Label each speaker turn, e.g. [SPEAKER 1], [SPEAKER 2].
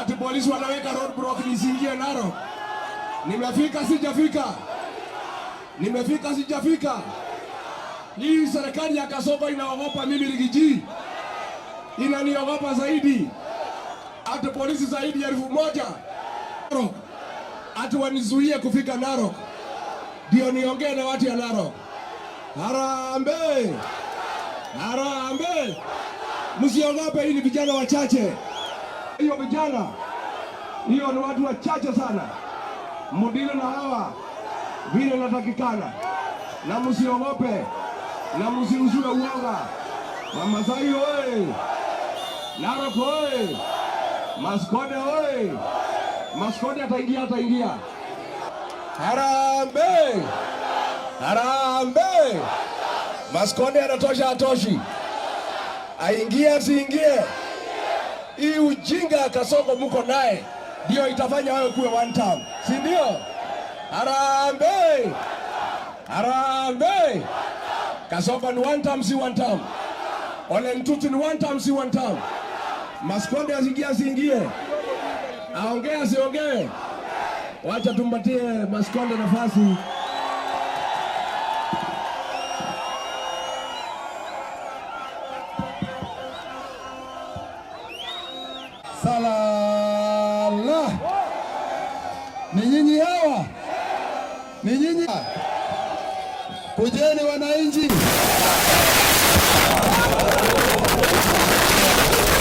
[SPEAKER 1] Ati polisi wanaweka roadblock nisiingie naro. Nimefika sijafika. Nimefika sijafika. Hii serikali ya Kasongo inaogopa mimi Rigiji. Inaniogopa zaidi. Ati polisi zaidi ya elfu moja. Ati wanizuie kufika Narok. Ndio niongee na watu ya Narok. Harambe. Harambe. Msiogope, hii ni vijana wachache hiyo vijana hiyo ni watu wachache sana, mudile na hawa vile natakikana, na musiogope na musiusule uoga. Mamasai oye! Narok oye! Maskode oye! Maskode ataingia, ataingia. Harambe! Harambe! Maskode anatosha, atoshi, aingie asiingie? ya kasoko muko naye ndio itafanya wewe kuwe one term, si ndio? Arambe, Kasoko ni one term, si one term. Ole Ntutu ni one term, si one term. Maskonde asingie, asiingie, aongee, asiongee. Wacha tumpatie Maskonde nafasi. Salala. Ni nyinyi hawa, ni nyinyi. Kujeni wananchi.